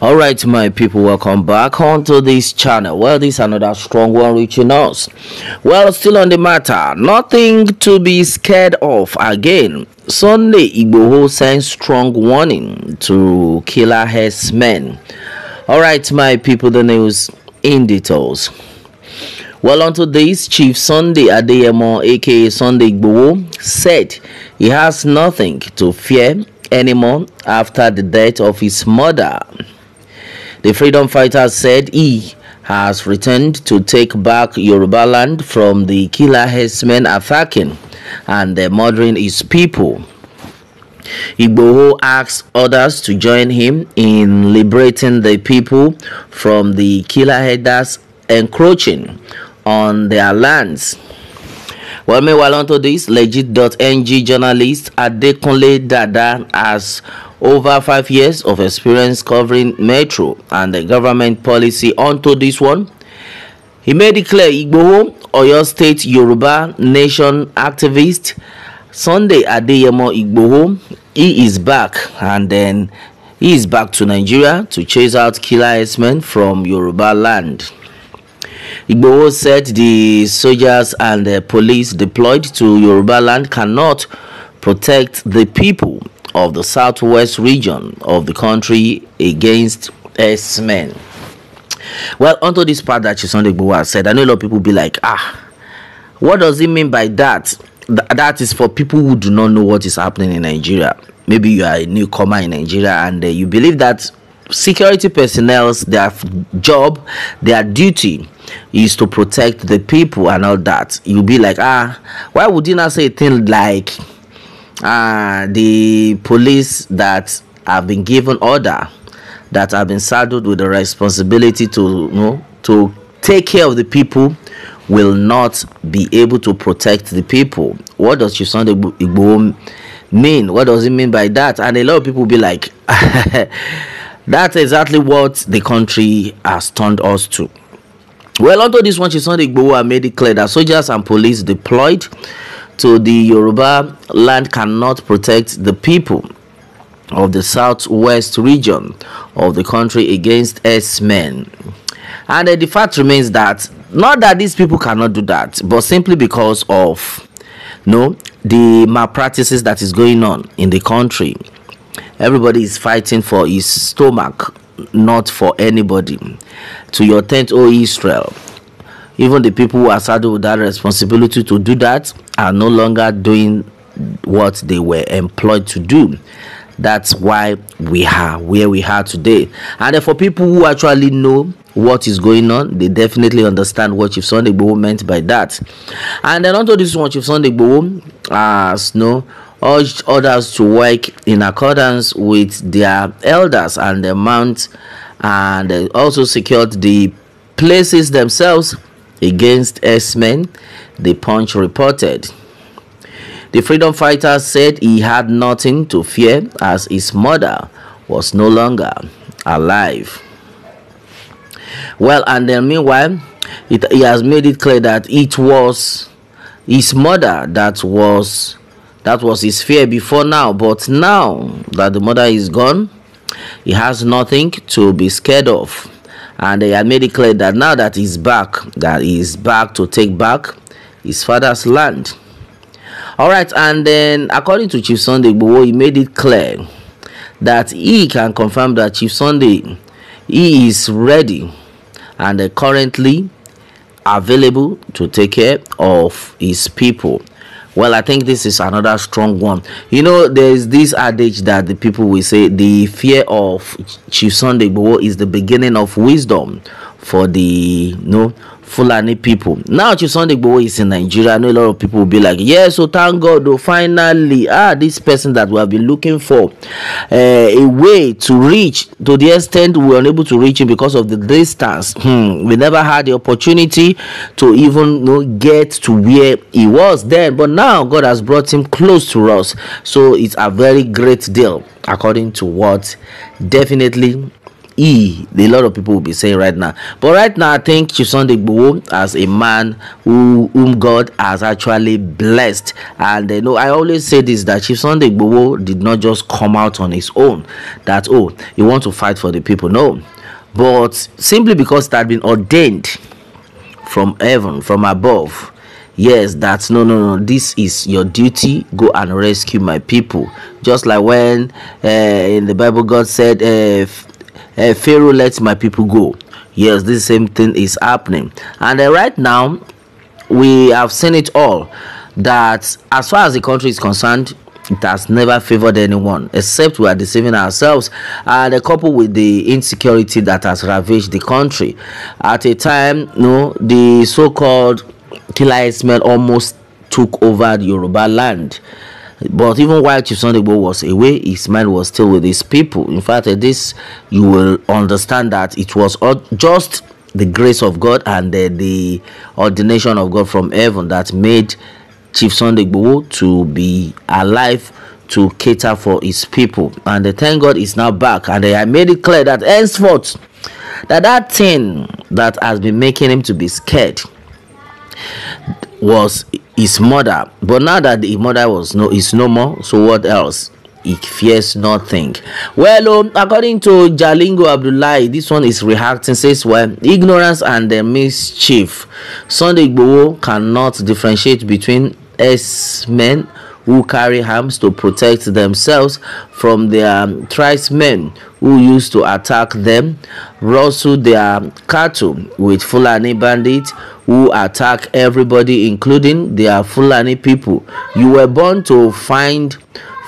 all right my people welcome back onto this channel well this another strong one reaching us well still on the matter nothing to be scared of again sunday igboho sends strong warning to killer men. all right my people the news in details well, onto this, Chief Sunday Adeyemo, aka Sunday Igboho, said he has nothing to fear anymore after the death of his mother. The freedom fighters said he has returned to take back Yoruba land from the killer herdsmen attacking and murdering his people. Igboho asked others to join him in liberating the people from the killer herders encroaching on their lands. Well, meanwhile, onto this, legit.ng journalist Adekunle Dada has over five years of experience covering metro and the government policy onto this one. He made it clear Igboho, Oyo State Yoruba Nation activist, Sunday Adeyemo Igboho, he is back and then he is back to Nigeria to chase out killer S-men from Yoruba land. Igboho said the soldiers and the police deployed to Yoruba land cannot protect the people of the southwest region of the country against S-men. Well, onto this part that Sunday Bowa said, I know a lot of people be like, ah, what does it mean by that? Th that is for people who do not know what is happening in Nigeria. Maybe you are a newcomer in Nigeria and uh, you believe that security personnel's their job, their duty is to protect the people and all that. You'll be like, ah, why would you not say a thing like uh, the police that have been given order that have been saddled with the responsibility to you know, to take care of the people will not be able to protect the people. What does Chisonde Igbo mean? What does it mean by that? And a lot of people be like, that's exactly what the country has turned us to. Well, onto this one, Chisonde Igbo made it clear that soldiers and police deployed to the Yoruba land cannot protect the people of the southwest region of the country against S-men. And uh, the fact remains that not that these people cannot do that, but simply because of no the malpractices that is going on in the country. Everybody is fighting for his stomach, not for anybody. To your tent, O Israel. Even the people who are saddled with that responsibility to do that are no longer doing what they were employed to do that's why we are where we are today and for people who actually know what is going on they definitely understand what chief sunday Igboho meant by that and then onto this one chief sunday Igboho as no urged others to work in accordance with their elders and their mount and also secured the places themselves against s-men the Punch reported. The freedom fighter said he had nothing to fear as his mother was no longer alive. Well, and then meanwhile, it, he has made it clear that it was his mother that was that was his fear before now but now that the mother is gone he has nothing to be scared of and they have made it clear that now that he's back that he's back to take back his father's land. All right, and then according to Chief Sunday Igboho, he made it clear that he can confirm that Chief Sunday he is ready and uh, currently available to take care of his people. Well, I think this is another strong one. You know, there's this adage that the people will say the fear of Chief Sunday Igboho is the beginning of wisdom. for the you know Fulani people. Now Chief Sunday Igboho is in Nigeria. I know a lot of people will be like, yeah, so thank God, though, finally, ah, this person that we have been looking for uh, a way to reach, to the extent we were unable to reach him because of the distance. Hmm. We never had the opportunity to even you know, get to where he was then. But now God has brought him close to us. So it's a very great deal, according to what definitely E, a lot of people will be saying right now. But right now, I think Chisunde Igboho as a man who, whom God has actually blessed. And you know, I always say this that Chisunde Igboho did not just come out on his own. That oh, you want to fight for the people. No. But simply because it had been ordained from heaven, from above, yes that's no no no this is your duty go and rescue my people just like when uh, in the bible god said uh, uh, Pharaoh let my people go. Yes, this same thing is happening. And uh, right now, we have seen it all that as far as the country is concerned, it has never favored anyone except we are deceiving ourselves and a couple with the insecurity that has ravaged the country at a time you know, the so-called killer smell almost took over the yoruba land but even while Chief Sunday was away, his mind was still with his people. In fact, uh, this you will understand that it was just the grace of God and the, uh, the ordination of God from heaven that made Chief Sunday to be alive to cater for his people. And the uh, thank God is now back. And I made it clear that henceforth, that that thing that has been making him to be scared was his mother but now that the mother was no is no more so what else he fears nothing. Well, um, according to Jalingo Abdullahi, this one is reacting, says, well, ignorance and the mischief. Sunday Igbo cannot differentiate between S-men who carry arms to protect themselves from their tribesmen who used to attack them, rustle their cattle with Fulani bandits who attack everybody including their Fulani people. You were born to find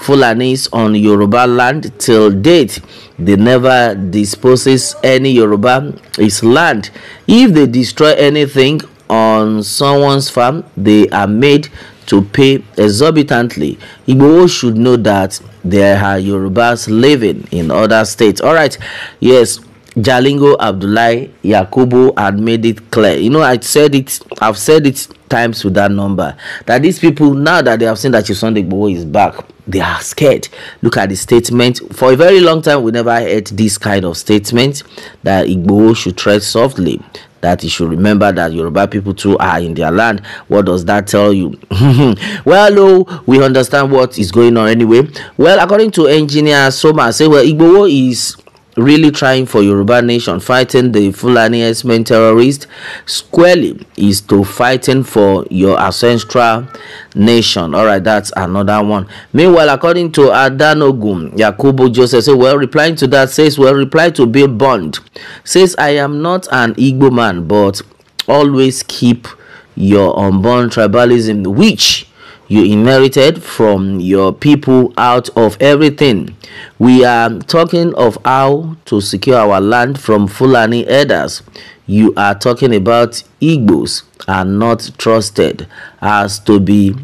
Fulanis on Yoruba land till date. They never disposes any Yoruba his land. If they destroy anything on someone's farm, they are made to pay exorbitantly. Igbo should know that there are Yorubas living in other states. All right, yes, Jalingo Abdullahi Yakubu had made it clear. You know, I said it, I've said it times with that number that these people now that they have seen that Chief Sunday Igbo is back, they are scared. Look at the statement. For a very long time, we never heard this kind of statement that Igbo should tread softly. that you should remember that Yoruba people too are in their land. What does that tell you? well, oh, we understand what is going on anyway. Well, according to engineer Soma, say, well, Igbowo is really trying for Yoruba nation, fighting the Fulani Esmen terrorist squarely is to fighting for your ancestral nation. All right, that's another one. Meanwhile, according to Adanogun, Yakubu Joseph says, well, replying to that says, well, reply to Bill Bond says, I am not an Igbo man, but always keep your unborn tribalism, which you inherited from your people out of everything. We are talking of how to secure our land from Fulani herders. You are talking about Igbos are not trusted as to be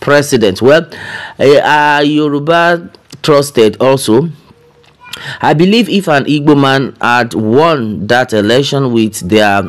president. Well, eh, are uh, Yoruba trusted also? I believe if an Igbo man had won that election with their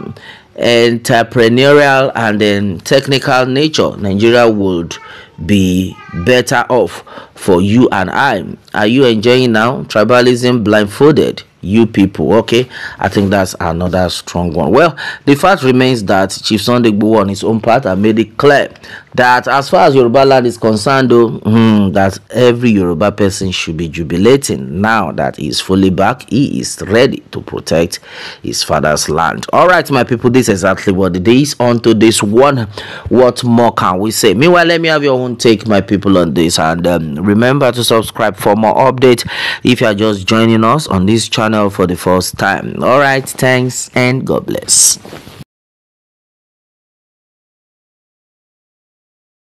entrepreneurial and then technical nature, Nigeria would be better off for you and I. Are you enjoying now? Tribalism blindfolded you people okay i think that's another strong one well the fact remains that chief sunday on his own part and made it clear that as far as Yoruba land is concerned, though, hmm, that every Yoruba person should be jubilating now that he is fully back. He is ready to protect his father's land. All right, my people, this is exactly what it is. On to this one, what more can we say? Meanwhile, let me have your own take, my people, on this. And um, remember to subscribe for more updates if you are just joining us on this channel for the first time. All right, thanks and God bless.